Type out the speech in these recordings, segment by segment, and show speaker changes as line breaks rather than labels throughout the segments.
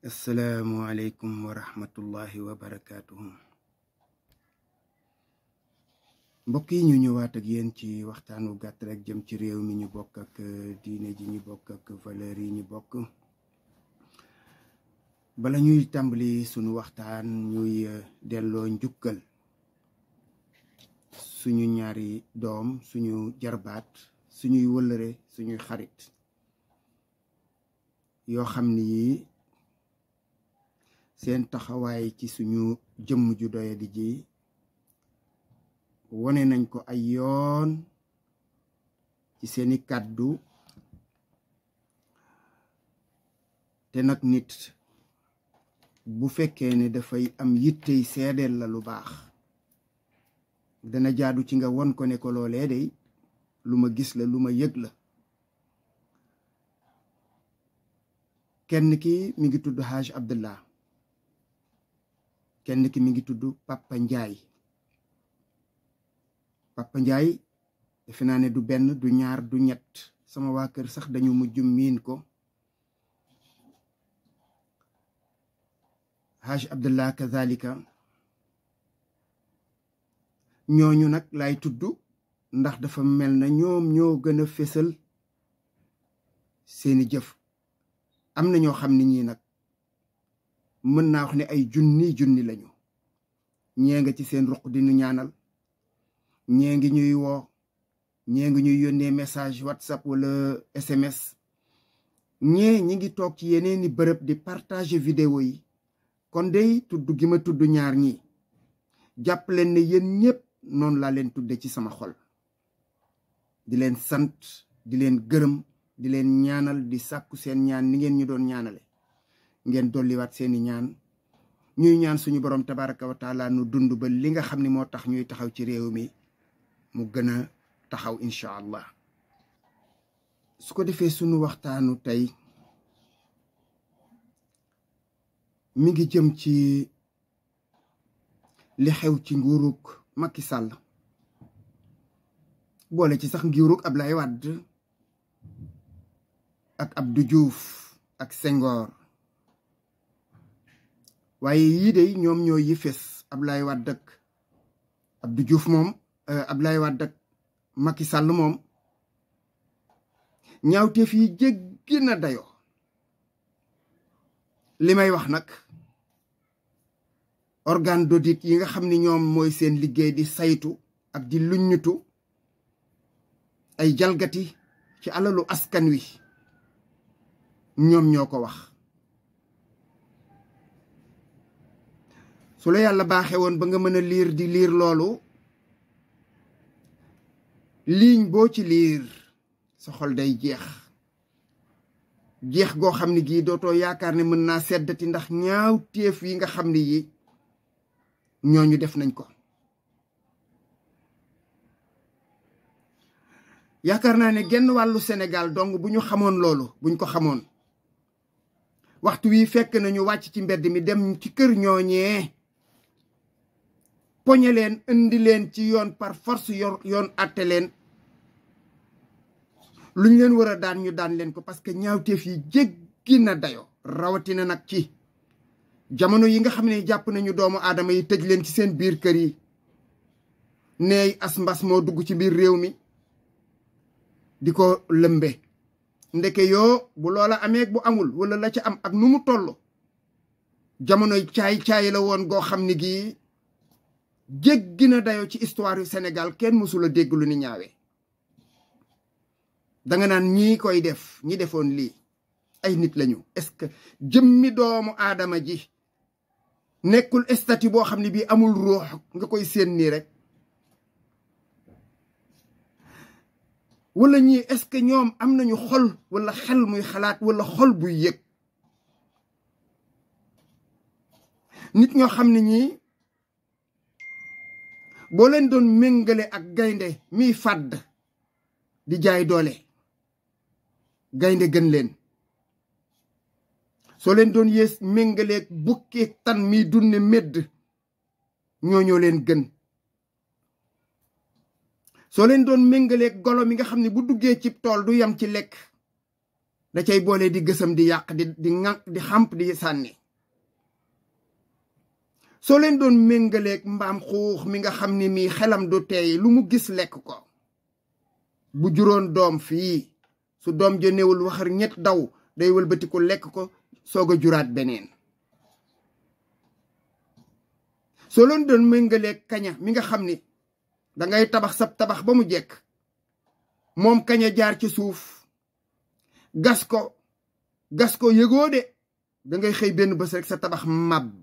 asalaamualeykum wa rahmatullahi wa mbokk yi ñu ñëwaat ak yéen ci waxtaan wu gàtt rek jëm ci réew mi ñu bokk ak euh, diine ji ñu bokk ak valeur yi ñu bokk bala ñuy tàmbali suñu waxtaan ñuy euh, delloo njukkal suñu ñaari doom suñu jarbaat suñuy wëllëre suñuy xarit yoo xam ni seen taxawaay ci suñu jëmm ju doyadi ji wone nañ ko ay yoon ci seeni kàddu te nag nit bu fekkee ne dafay am yittey seedeel la lu baax dana jaadu ci nga won ko ne ko loolee day lu ma gis la lu ma yëg la kenn ki mi ngi tudd Haj Abdallah kenn ki mi ngi tudd Papa Ndiaye Papa Ndiaye defe naa ne du benn du ñaar du ñett sama waa kër sax dañu mujj miin ko Haj Abdullah kazalika ñooñu nag laay tudd ndax dafa mel na ñoom ñoo gën a fésal seeni jëf am na ñoo xam ne ñii nag mën naa wax ne ay junni junni lañu ñee nga ci seen ruq di ñu ñaanal ñee ngi ñuy woo ñee ngi ñuy yónnee message whatsapp wala sms ñee ñi ngi toog ci yeneeni bërëb di partager vidéo yi kon dey tudd gi ma tudd ñaar ñi jàpp leen ne yéen ñépp noonu laa leen tudde ci sama xol di leen sant di leen gërëm di leen ñaanal di sàkku seen ñaan ni ngeen ñu doon ñaanale ngeen dolliwaat seeni ñaan ñuy ñaan suñu borom tabaraka wa taala nu dund ba li nga xam ni moo tax ñuy taxaw ci réew mi mu gën a taxaw incha allah su ko defee sunu waxtaanu tey mi ngi jëm ci li xew ci nguurug Macky Sall boole ci sax nguurug lay Wade ak Abdou Diouf ak sengoor waaye yii de ñoom ñoo yi fees Abdoulaye Wade ak Abdou Diouf moom euh, Abdoulaye Wade ak Macky Sall moom ñaawteef yi jéggi na dayoo li may wax nag organ d'audit yi nga xam ni ñoom mooy seen liggéey di saytu ak di luññutu ay jalgati ci alalu askan wi ñoom ñoo ko wax su la yàlla baaxee woon ba nga mën a liir di liir loolu liiñ boo ci liir sa xol day jeex jeex goo xam ne gii dootoo yaakaar ne mën naa seddati ndax ñaaw téef yi nga xam ne yi ñooñu def nañ ko yaakaar naa ne genn wàllu senegal dong bu ñu xamoon loolu buñ ko xamoon waxtu wi fekk nañu wàcc ci mbedd mi dem ci kër ñooñee poñe leen indi leen ci yoon par force yor yoon atte leen luñ leen war a daan ñu daan leen ko parce que ñaawteef yi jéggi na dayo rawatina nag ci jamono yi nga xam ne jàpp nañu doomu aadama yi tëj leen ci seen biir kër yi ney as mbas moo dugg ci biir réew mi di ko lëmbe ndeke yoo bu loola amee bu amul wala la ci am ak nu mu toll caay caay la woon goo xam ni gii jéggi na dayo ci histoire yu Sénégal kenn mësula dégg lu ni ñaawee danga naan ñii koy def ñi defoon lii ay nit lañu est-ce que jëmmi doomu aadama ji nekkul statut boo xam ne bii amul ruux nga koy séen nii rek wala ñii est-ce que ñoom am nañu xol wala xel muy xalaat wala xol buy yëg nit ñoo xam ne ñii boo leen doon méngale ak gaynde miy fàdd di jaay doole gaynde gën leen soo leen doon yées méngaleeg bukkeeg tan miy dunne médd ñooñoo leen gën soo leen doon méngaleeg golo mi nga xam ne bu duggee ci tool du yam ci lekk da cay boole di gësëm di yàq di di di xàmp di sànni soo leen doon méngaleeg mbaam xuux mi nga xam ne mii xelam du teey lu mu gis lekk ko bu juróon doom fii su doom ja néewul waxar ñett daw day wëlbatiku lekk ko soog a juraat beneen soo leen doon méngaleeg kaña mi nga xam ni dangay tabax sab tabax ba mu jekk moom kaña jaar ca suuf gas ko gas ko yëgoo de dangay xëy benn bés rek sa tabax màbb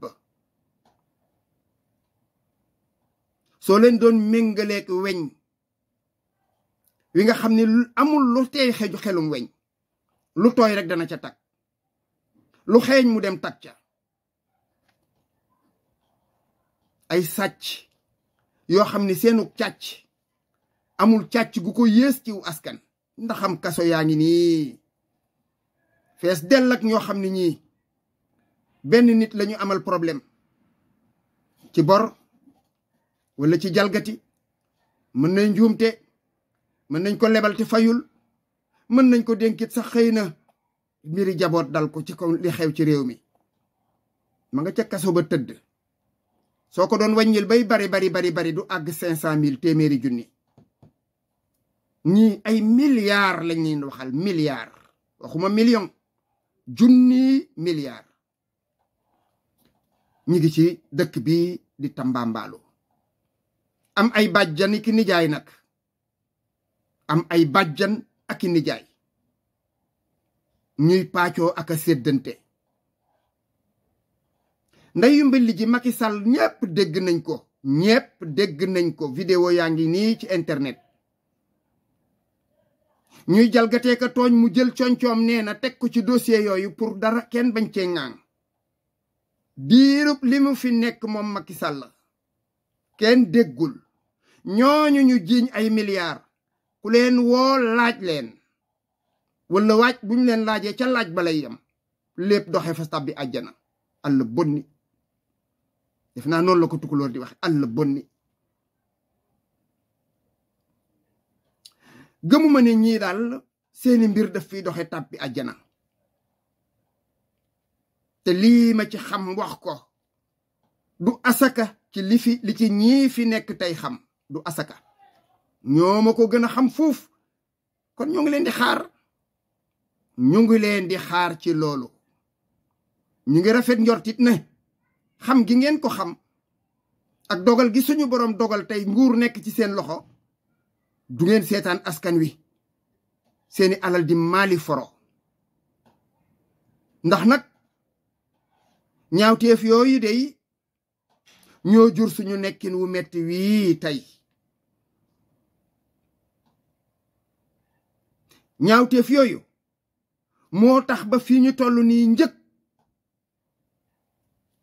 soo leen doon méngaleeg weñ wi nga xam ni amul lu tey xelum weñ lu tooy rek dana ca tag lu xeeñ mu dem tag ca ay sàcc yoo xam ni seenu càcc amul càcc gu ko yées ciw askan ndaxam kaso yaa ngi nii fees dell ñoo xam ne ñii benn nit lañu amal problème ci bor wala ci jalgati mën nañ njuumte mën nañ ko lebal te fayul mën nañ ko dénkit sax xëy na mbiri jaboot dal ko ci kaw di xew ci réew mi ma nga ca kaso ba tëdd soo ko doon wàññil bay bari bari bari du àgg cinq cent mille téeméeri junni ñi ay milliards lañ leen waxal milliards waxuma million junni milliards ñi ngi ci dëkk bi di tambambaalu am ay bàjjan ki nijaay nag am ay bàjjan ak nijaay ñuy paccoo ak a séddante ndeyu mbilli ji Macky Sall ñépp dégg nañ ko ñépp dégg nañ ko vidéo yaa ngi nii ci internet ñuy jalgatee tooñ mu jël coñcoom nee na teg ko ci dossier yooyu pour dara kenn bañ cee ŋaaŋ diirub li mu fi nekk moom Macky Sall kenn déggul ñooñu ñu jiiñ ay milliards ku leen woo laaj leen wala waaj buñ leen laajee ca laaj ba lay yam lépp doxe fa tàbbi àjjana àll bonni def naa noonu la ko tukulóor di wax àll bonni gëmuma ne ñii daal seeni mbir def fi doxe tàbbi àjjana te lii ma ci xam wax ko du asaka ci li fi li ci ñii fi nekk tey xam du asaka ñoo ma ko gën a xam foofu kon ñu ngi leen di xaar ñu ngi leen di xaar ci loolu ñu ngi rafet njortit ne xam gi ngeen ko xam ak dogal gi suñu borom dogal tey nguur nekk ci seen loxo du ngeen seetaan askan wi seeni alal di maali foro ndax nag ñaawteef yooyu dey ñoo jur suñu nekkin wu metti wii tey ñaawteef yooyu moo tax ba fii ñu toll nii njëg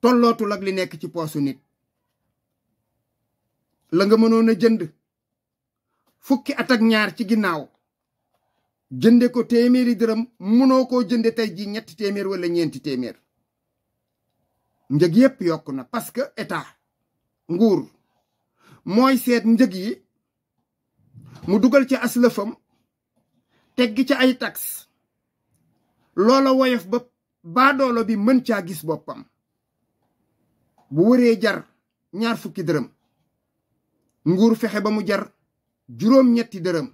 tollootul lag li nekk ci poosu nit la nga mënoon a jënd fukki at ak ñaar ci ginnaaw jënde ko téeméeri dërëm mënoo koo jënde tey ji ñetti téeméer walla ñeenti téeméer njëg yépp yokk na parce que état nguur mooy seet njëg yi mu dugal ci aslëfam teggi ci ay tax loola woyof ba baadoolo bi mën caa gis boppam bu wëree jar ñaar fukki dërëm nguur fexe ba mu jar juróom-ñetti dërëm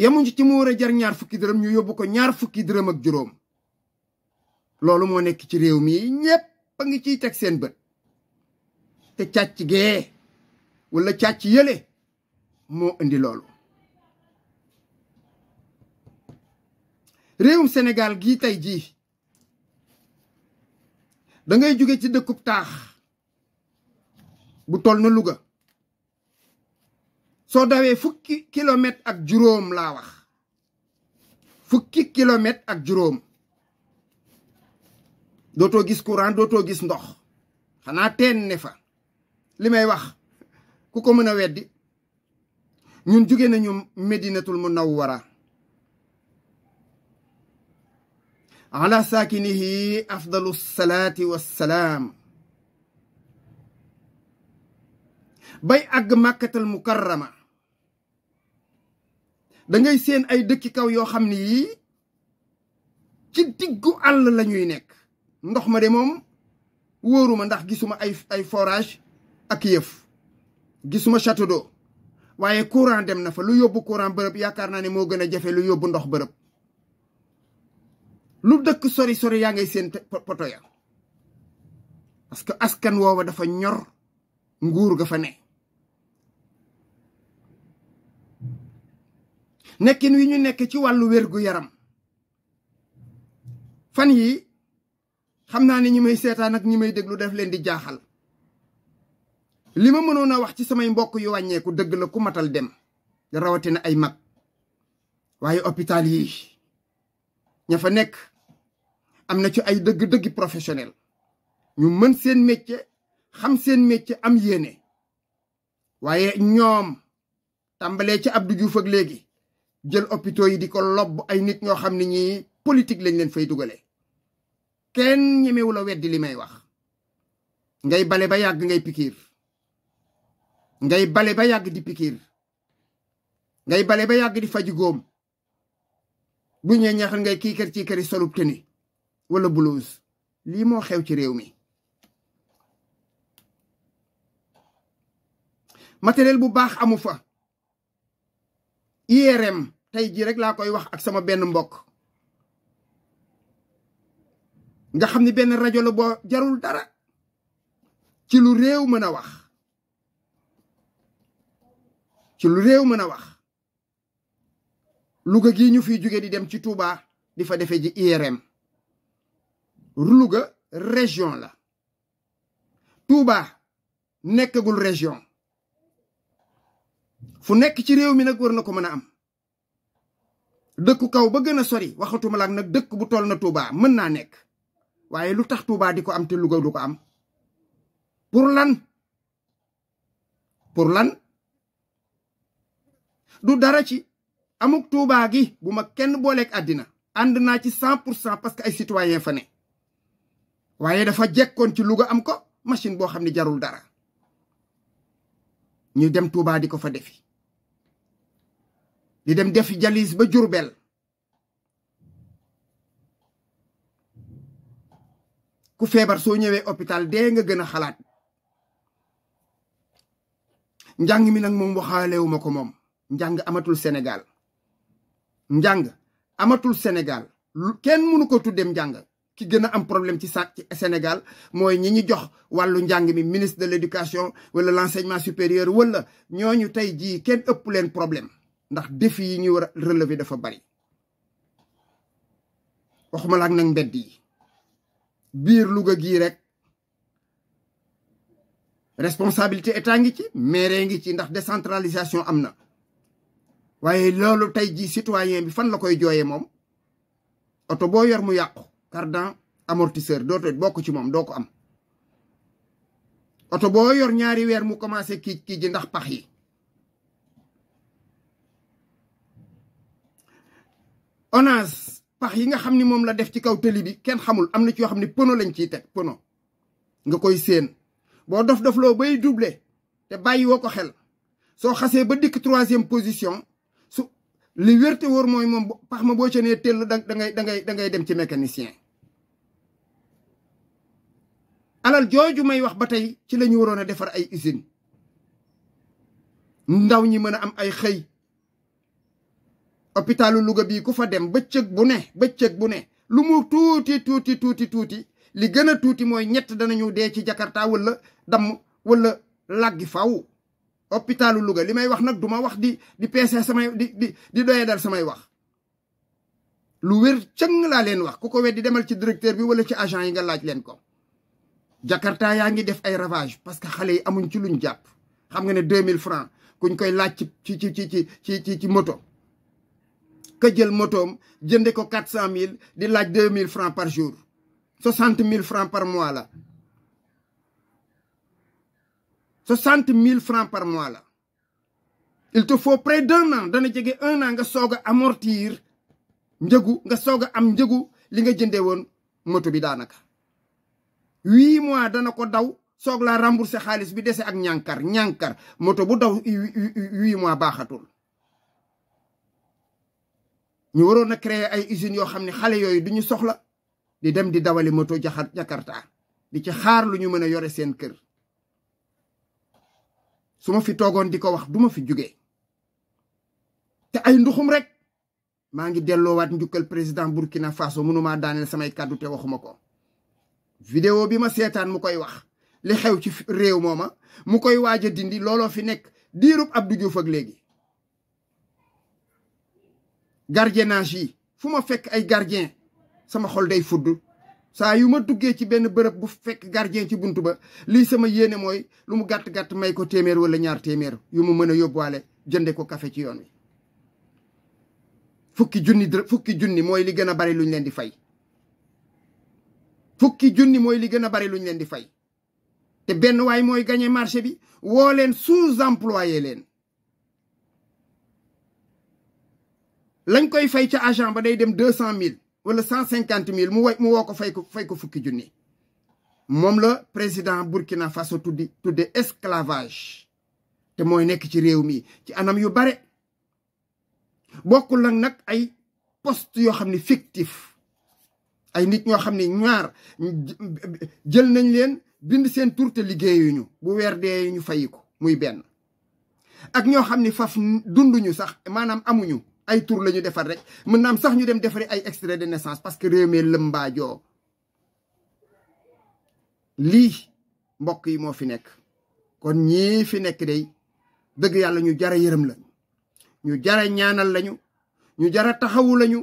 yemuñ ci mu war a jar ñaar fukki dërëm ñu yóbbu ko ñaar fukki dërëm ak juróom loolu moo nekk ci réew mi ñépp a ngi ciy teg seen bët te càcc gee walla càcc yële moo indi loolu réewum Sénégal gii tey jii dangay ngay jóge ci dëkkub taax bu toll na Louga soo dawee fukki kilomètre ak juróom laa wax fukki kilomètre ak juróom dootoo gis courant dootoo gis ndox xanaa teen ne fa li may wax ku ko mën a weddi ñun jóge nañu Medinatul Munawwara ala saakinihi afdalu salaati wassalaam bay àgg màkkatal mukarrama da dangay seen ay dëkki kaw yoo xam ne yii ci diggu àll la ñuy nekk ndox ma de moom wóoruma ndax gisuma ay ay forage ak yëf gisuma château d'eau waaye courant dem na fa lu yóbbu courant bërëb yaakaar naa ne moo gën a jafe lu yóbbu ndox bërëb lu dëkk sori sori yaa ngay seen poto ya parce que askan woowa dafa ñor nguur ga fa ne nekkin wi ñu nekke ci wàllu wér-gu-yaram fan yi xam naa ne ñi may seetaan ak ñi may déglu def leen di jaaxal li ma mënoon a wax ci samay mbokk yu wàññeeku dëgg la ku matal dem rawatina ay mag waaye hôpital yi ña fa nekk am na ci ay dëgg-dëgg professionel ñu mën seen métier xam seen métier am yéene waaye ñoom tàmbalee ci Abdou Diouf léegi jël hôpitaux yi di ko lobb ay nit ñoo xam ne ñii politique lañ leen fay dugalee kenn ñemewuloo la weddi li may wax ngay bale ba yàgg ngay pikiir ngay bale ba yàgg di pikiir ngay bale ba yàgg di faji góom bu ñee ñaaxal nga kii kër ci kër yi solub tenue wala blouse lii moo xew ci réew mi matériel bu baax amu fa IRM tey jii rek laa koy wax ak sama benn mbokk nga xam ni benn rajo la boo jarul dara ci lu réew mën a wax ci lu réew mën a wax Louga gii ñu fi jóge di dem ci Touba di fa defee ji IRM Louga région la Touba nekkagul région fu nekk ci réew mi nag war na ko mën a am dëkku kaw ba gën a sori waxatuma laak nag dëkk bu toll na Touba mën naa nekk waaye lu tax Touba di ko am te Louga du ko am pour lan pour lan du dara ci amuk tuubaa gi bu ma kenn booleeg àddina ànd naa ci cent pour cent parce que ay citoyen fa ne waaye dafa jekkoon ci Louga am ko machine boo xam ne jarul dara ñu dem tuubaa di ko fa defi di dem defi jalis ba Jurbel ku feebar soo ñëwee hôpital dee nga gën a xalaat njàng mi nag moom waxaalewu ma ko moom njàng amatul senegal njàng amatul Sénégal kenn mënu ko tuddee njàng ki gën a am problème ci sa ci Sénégal mooy ñi ñu jox wàllu njàng mi ministre de l'éducation wala l'enseignement supérieur wala ñooñu tey jii kenn ëpp leen problème ndax défi yi ñu war a relever dafa bari waxuma la ak nag mbedd yi biir Louga gii rek responsabilité état ngi ci maire ngi ci ndax décentralisation am na waaye loolu tey jii citoyen bi fan la koy jooyee moom oto boo yor mu yàqu cardan amortisseur dooto bokk ci moom doo ko am oto boo yor ñaari weer mu commencé kii kii ji ndax pax yi ONAS pax yi nga xam ni moom la def ci kaw tëli bi kenn xamul am na ci yoo xam ne pono lañ ciy teg pono nga koy séen boo dof dofloo bay doublé te bàyyi woo ko xel soo xasee ba dikk troisième position li wér te wóor mooy moom pax ma boo ca nee tell dangay dangay da dem ci mécanicien alal jooju may wax ba tey ci la waroon a defar ay usine ndaw ñi mën a am ay xëy hôpitalu Louga bii ku fa dem bëccëg bu ne bëccëg bu ne lu mu tuuti tuuti tuuti tuuti li gën a tuuti mooy ñett dana danañu dee ci Jakarta wala damm wala laggi faw hôpitalu Louga li may wax nag du ma wax di di peese di di di doyee dal samay wax lu wér cëng laa leen wax ku ko weddi demal ci directeur bi wala ci agent yi nga laaj leen ko Jakarta yaa ngi def ay ravage parce que xale yi amuñ ci luñ jàpp xam nga ne 2000 francs kuñ koy laaj ci ci ci ci ci ci ci moto ka jël motoom jënde ko 400000 di laaj 2000 francs par jour 60000 francs par mois la soixante mille francs par mois la il te faut près d'un an dana jege un an nga soog a amortir njëgu nga soog a am njëgu li nga jëndee woon moto bi daanaka huit mois dana ko daw soog laa rembourser xaalis bi dese ak ñànkar ñànkar moto bu daw huit mois baaxatul ñu waroon a créer ay usines yoo xam ni xale yooyu du ñu soxla di dem di dawali moto jaxar Jakarta di ci xaar lu ñu mën a yore seen kër su ma fi toogoon di ko wax ma fi jóge te ay nduxum rek maa ngi delloowaat njukkal président Burkina Faso mënumaa daaneel samay kàddu te waxuma ko vidéo bi ma seetaan mu koy wax li xew ci réew mooma mu koy waaj a dindi looloo fi nekk diirub ab Diouf ak léegi gardiennage yi fu ma fekk ay gardien sama xol day fudd saa yu ma duggee ci benn bërëb bu fekk gardien ci bunt ba lii sama yéene mooy lu mu gàtt-gàtt may ko téeméer wala ñaar téeméer yu ma mën a yóbbuwaale jënde ko kafe ci yoon wi fukki junni fukki junni mooy li gën a bari luñ leen di fay fukki junni mooy li gën a bari luñ leen di fay te benn waay mooy gagné marché bi woo leen sous-employé leen lañ koy fay ca agent ba day dem deux cent mille wala cent cinquante mille mu way mu woo ko fay ko fay ko fukki junni moom la président Burkina Faso tuddi tudde esclavage te mooy nekk ci réew mi ci anam yu bare bokkul nag nag ay post yoo xam ne fictif ay nit ñoo xam ne ñaar jël nañ leen bind seen tur liggéeyuñu bu weer dee ñu fay ko muy benn ak ñoo xam ni faf dunduñu sax maanaam amuñu ay tur la ñu defar rek mën naam sax ñu dem defari ay extrait de naissance parce que réew mi lëmbaajoo lii mbokk yi moo fi nekk kon ñii fi nekk day dëgg yàlla ñu jara yërëm la ñu jara ñaanal lañu ñu jara taxawu lañu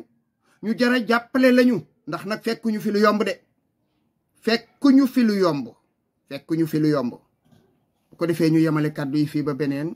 ñu jara jàppale lañu ndax nag fekkuñu fi lu yomb de fekkuñu fi lu yomb fekkuñu fi lu yomb bu ko defee ñu yemale kàddu yi fii ba beneen